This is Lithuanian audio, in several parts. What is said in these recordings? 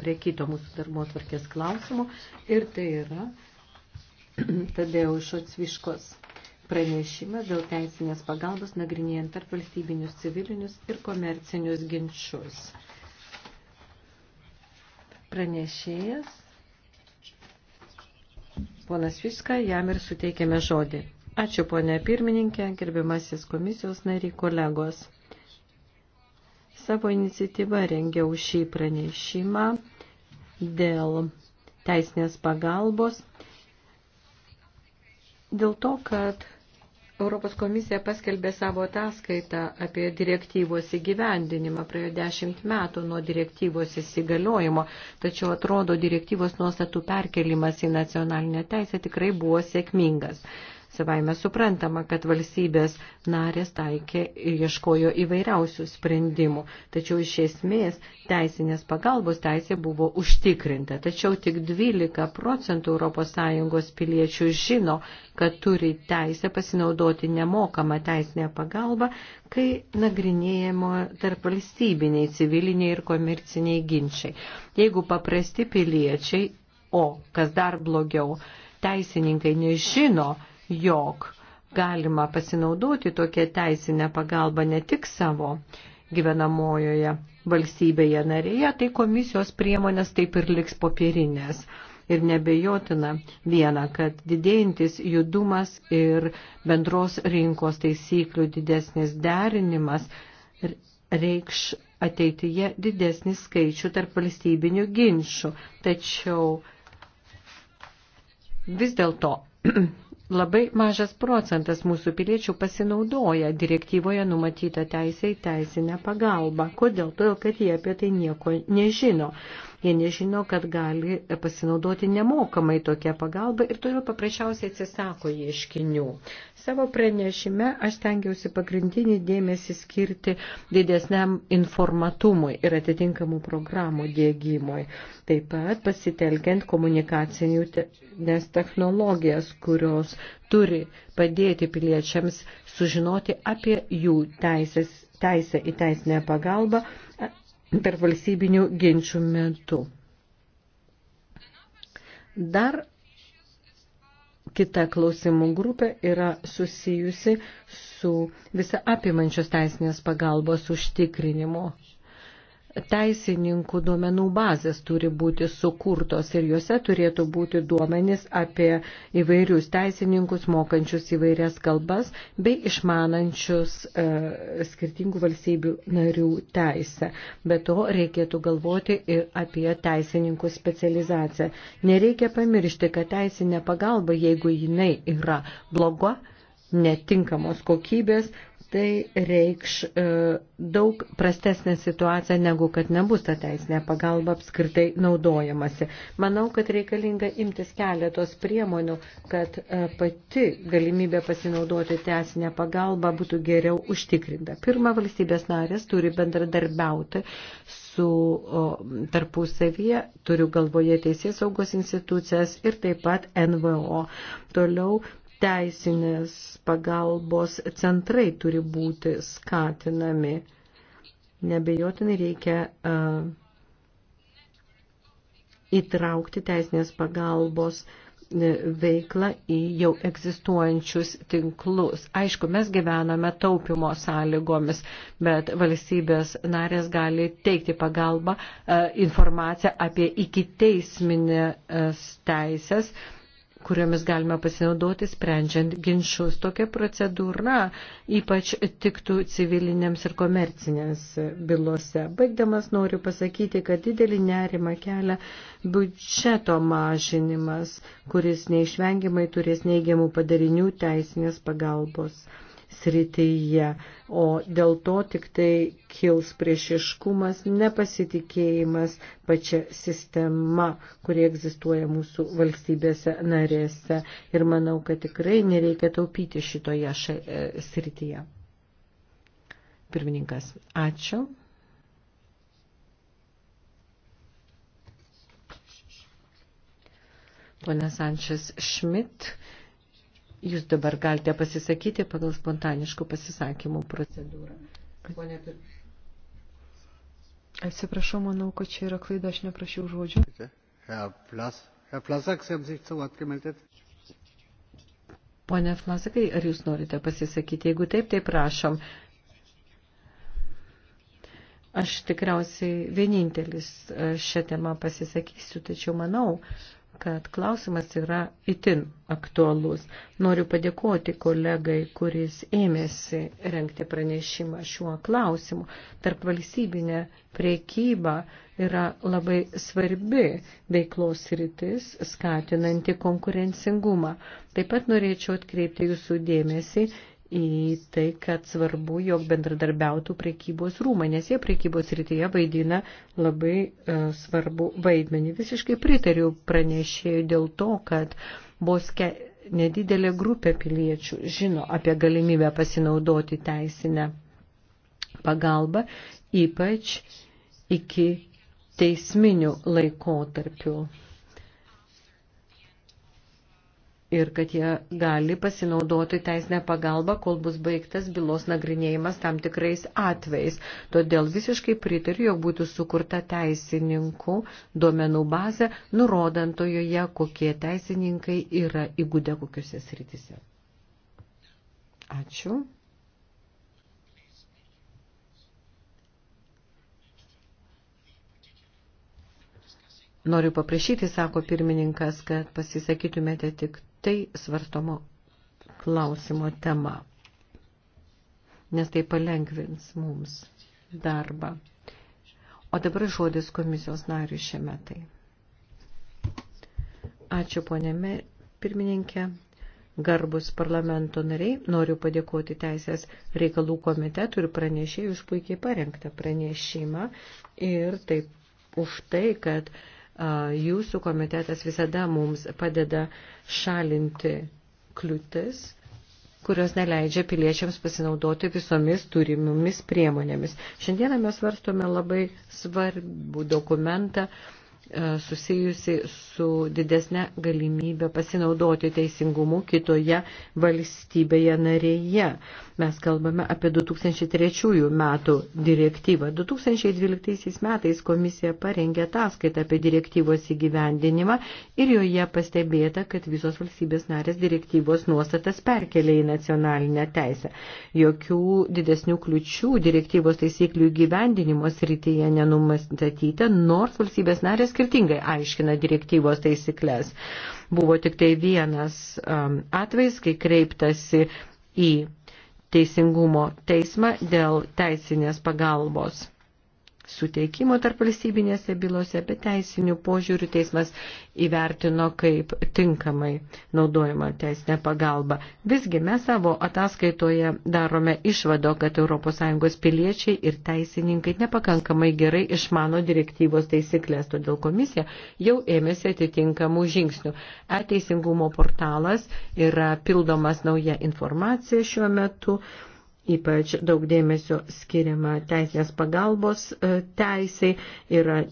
prie kito mūsų darbo atvarkės klausimo ir tai yra Tadeušo Cviškos pranešimas dėl teisinės pagalbos nagrinėjant tarp valstybinius civilinius ir komercinius ginčius. Pranešėjas, ponas Viška, jam ir suteikėme žodį. Ačiū, ponė pirmininkė, gerbiamasis komisijos nariai, kolegos. Savo iniciatyvą rengiau šį pranešimą dėl teisinės pagalbos, dėl to, kad Europos komisija paskelbė savo ataskaitą apie direktyvos įgyvendinimą. Praėjo dešimt metų nuo direktyvos įsigaliojimo, tačiau atrodo direktyvos nuostatų perkelimas į nacionalinę teisę tikrai buvo sėkmingas. Savaime suprantama, kad valstybės narės taikė ir ieškojo įvairiausių sprendimų, tačiau iš esmės teisinės pagalbos teisė buvo užtikrinta. Tačiau tik 12 procentų ES piliečių žino, kad turi teisę pasinaudoti nemokamą teisinę pagalbą, kai nagrinėjimo tarp valstybiniai, civiliniai ir komerciniai ginčiai. Jeigu paprasti piliečiai, o kas dar blogiau, teisininkai nežino, jog galima pasinaudoti tokią teisinę pagalbą ne tik savo gyvenamojoje valstybėje narėje, tai komisijos priemonės taip ir liks popierinės. Ir nebejotina viena, kad didėjantis judumas ir bendros rinkos taisyklių didesnis derinimas reikš ateityje didesnį skaičių tarp valstybinių ginčių. Tačiau vis dėlto Labai mažas procentas mūsų piliečių pasinaudoja direktyvoje numatytą teisę į teisinę pagalbą. Kodėl? Todėl, kad jie apie tai nieko nežino. Jie nežino, kad gali pasinaudoti nemokamai tokią pagalbą ir todėl paprasčiausiai atsisako ieškinių. Savo pranešime aš tengiausi pagrindinį dėmesį skirti didesniam informatumui ir atitinkamų programų dėgymui. Taip pat pasitelkiant komunikacinių te nes technologijas, kurios turi padėti piliečiams sužinoti apie jų teisės, teisę į teisinę pagalbą tarp valstybinių ginčių metu. Dar kita klausimų grupė yra susijusi su visa apimančios teisinės pagalbos užtikrinimu teisininkų duomenų bazės turi būti sukurtos ir juose turėtų būti duomenys apie įvairius teisininkus, mokančius įvairias kalbas bei išmanančius e, skirtingų valstybių narių teisę. Be to reikėtų galvoti ir apie teisininkų specializaciją. Nereikia pamiršti, kad teisinė pagalba, jeigu jinai yra bloga, netinkamos kokybės, tai reikš e, daug prastesnę situaciją, negu kad nebus ta teisinė pagalba apskritai naudojamasi. Manau, kad reikalinga imtis keletos priemonių, kad e, pati galimybė pasinaudoti teisinę pagalbą būtų geriau užtikrinta. Pirma, valstybės narės turi bendradarbiauti su o, tarpusavyje, turiu galvoje teisės saugos institucijas ir taip pat NVO. Toliau teisinės pagalbos centrai turi būti skatinami. Nebejotinai reikia uh, įtraukti teisinės pagalbos e, veiklą į jau egzistuojančius tinklus. Aišku, mes gyvename taupimo sąlygomis, bet valstybės narės gali teikti pagalbą e, informaciją apie iki teisminės teisės kuriomis galima pasinaudoti sprendžiant ginčius. Tokia procedūra ypač tiktų civilinėms ir komercinėms bylose. Baigdamas noriu pasakyti, kad didelį nerimą kelia biudžeto mažinimas, kuris neišvengiamai turės neigiamų padarinių teisinės pagalbos srityje, o dėl to tik tai kils priešiškumas, nepasitikėjimas pačia sistema, kurie egzistuoja mūsų valstybėse narėse. Ir manau, kad tikrai nereikia taupyti šitoje ša, e, srityje. Pirmininkas, ačiū. Pone Sančias Šmit Jūs dabar galite pasisakyti pagal spontaniškų pasisakymų procedūrą. Pone Atsiprašau, manau, kad čia yra klaida, aš neprašiau žodžių. Pone Flasakai, ar jūs norite pasisakyti? Jeigu taip, tai prašom. Aš tikriausiai vienintelis e, šią temą pasisakysiu, tačiau manau, kad klausimas yra itin aktualus. Noriu padėkoti kolegai, kuris ėmėsi renkti pranešimą šiuo klausimu. Tarp valstybinė priekyba yra labai svarbi veiklos rytis, skatinanti konkurencingumą. Taip pat norėčiau atkreipti jūsų dėmesį į tai, kad svarbu, jog bendradarbiautų priekybos rūmai, nes jie priekybos rytyje vaidina labai e, svarbu vaidmenį. Visiškai pritariu pranešėjų dėl to, kad vos ke, nedidelė grupė piliečių žino apie galimybę pasinaudoti teisinę pagalbą, ypač iki teisminių laikotarpių ir kad jie gali pasinaudoti teisinę pagalbą, kol bus baigtas bylos nagrinėjimas tam tikrais atvejais. Todėl visiškai pritariu, jog būtų sukurta teisininkų duomenų bazė, nurodantojoje, kokie teisininkai yra įgūdę kokiuose srityse. Ačiū. Noriu paprašyti, sako pirmininkas, kad pasisakytumėte tik tai svartomo klausimo tema, nes tai palengvins mums darbą. O dabar žodis komisijos nariui šiame tai. Ačiū ponėme pirmininkė. Garbus parlamento nariai, noriu padėkoti Teisės reikalų komitetui ir pranešėjai už puikiai parengtą pranešimą ir taip už tai, kad uh, jūsų komitetas visada mums padeda šalinti kliūtis kurios neleidžia piliečiams pasinaudoti visomis turimomis priemonėmis. Šiandieną mes varstome labai svarbų dokumentą susijusi su didesnė galimybė pasinaudoti teisingumu kitoje valstybėje narėje. Mes kalbame apie 2003 metų direktyvą. 2012 metais komisija parengė ataskaitą apie direktyvos įgyvendinimą ir joje pastebėta, kad visos valstybės narės direktyvos nuostatas perkelia į nacionalinę teisę. Jokių didesnių kliučių direktyvos taisyklių įgyvendinimo srityje nenumastatyta, nors valstybės narės skirtingai aiškina direktyvą žaidybos taisyklės. Buvo tik tai vienas um, atvejs, kai kreiptasi į Teisingumo teismą dėl teisinės pagalbos suteikimo tarp valstybinėse bylose, bet teisinių požiūrių teismas įvertino kaip tinkamai naudojama teisinė pagalba. Visgi mes savo ataskaitoje darome išvado, kad ES piliečiai ir teisininkai nepakankamai gerai išmano direktyvos taisyklės, todėl komisija jau ėmėsi atitinkamų žingsnių. E-teisingumo portalas yra pildomas nauja informacija šiuo metu. Ypač daug dėmesio skiriama teisinės pagalbos e, teisai, yra e,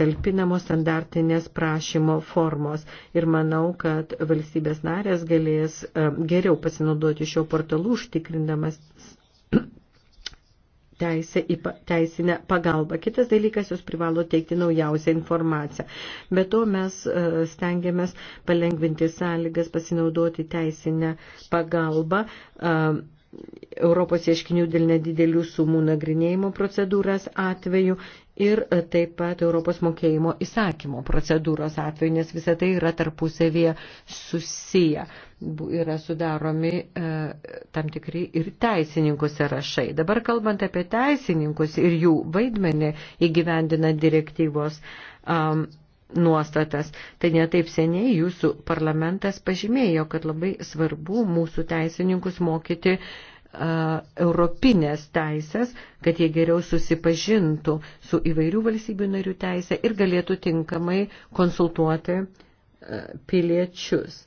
talpinamos standartinės prašymo formos. Ir manau, kad valstybės narės galės e, geriau pasinaudoti šio portalu, užtikrindamas teisę į teisinę pagalbą. Kitas dalykas, jūs privalo teikti naujausią informaciją. Be to mes stengiamės palengvinti sąlygas pasinaudoti teisinę pagalbą Europos ieškinių dėl nedidelių sumų nagrinėjimo procedūras atveju ir e, taip pat Europos mokėjimo įsakymo procedūros atveju, nes visa tai yra tarpusavėje susiję. Yra sudaromi e, tam tikri ir teisininkų sąrašai. Dabar kalbant apie teisininkus ir jų vaidmenį įgyvendina direktyvos. Um, e, nuostatas. Tai netaip seniai jūsų parlamentas pažymėjo, kad labai svarbu mūsų teisininkus mokyti europinės teisės, kad jie geriau susipažintų su įvairių valstybių narių teisė ir galėtų tinkamai konsultuoti piliečius.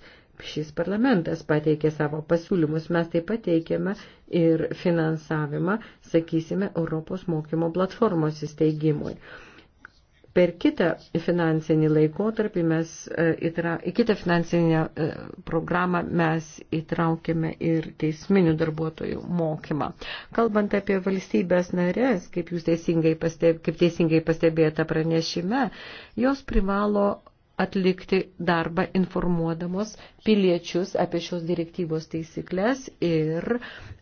Šis parlamentas pateikė savo pasiūlymus, mes taip pateikėme ir finansavimą, sakysime, Europos mokymo platformos įsteigimui per kitą finansinį laikotarpį mes e, įtra, į kitą finansinę e, programą mes įtraukėme ir teisminių darbuotojų mokymą. Kalbant apie valstybės narės, kaip jūs teisingai, pasteb, kaip teisingai pastebėjote pranešime, jos privalo atlikti darbą informuodamos piliečius apie šios direktyvos taisyklės ir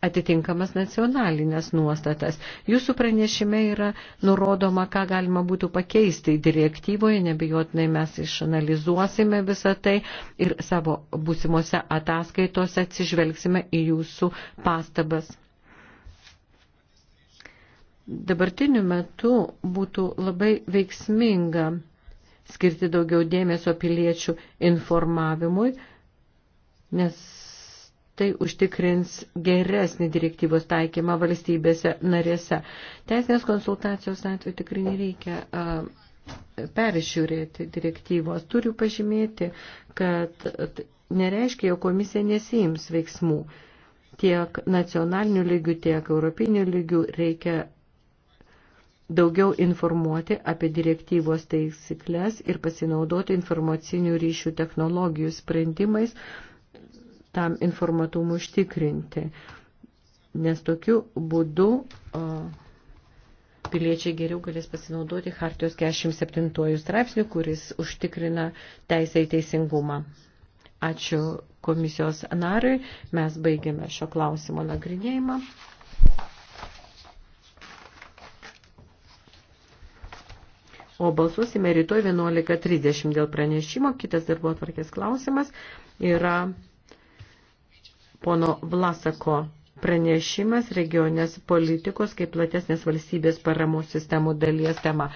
atitinkamas nacionalinės nuostatas. Jūsų pranešime yra nurodoma, ką galima būtų pakeisti direktyvoje, nebejotinai mes išanalizuosime visą tai ir savo būsimose ataskaitose atsižvelgsime į jūsų pastabas. Dabartiniu metu būtų labai veiksminga skirti daugiau dėmesio piliečių informavimui, nes tai užtikrins geresnį direktyvos taikymą valstybėse narėse. Teisinės konsultacijos atveju tikrai nereikia peržiūrėti direktyvos. Turiu pažymėti, kad nereiškia, jo komisija nesiims veiksmų. Tiek nacionalinių lygių, tiek europinių lygių reikia daugiau informuoti apie direktyvos taisyklės ir pasinaudoti informacinių ryšių technologijų sprendimais tam informatumui užtikrinti. Nes tokiu būdu o, piliečiai geriau galės pasinaudoti Hartijos 47 straipsnių, kuris užtikrina teisę į teisingumą. Ačiū komisijos nariui. Mes baigėme šio klausimo nagrinėjimą. o balsuosime rytoj 11.30 dėl pranešimo. Kitas darbo atvarkės klausimas yra pono Vlasako pranešimas regionės politikos kaip platesnės valstybės paramos sistemų dalies tema.